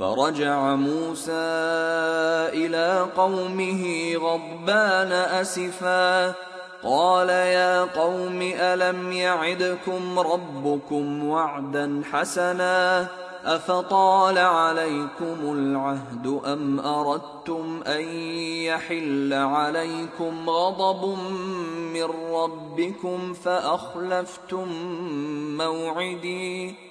فرجع موسى الى قومه غضبان اسفا قال يا قوم الم يعدكم ربكم وعدا حسنا افطال عليكم العهد ام اردتم ان يحل عليكم غضب من ربكم فاخلفتم موعدي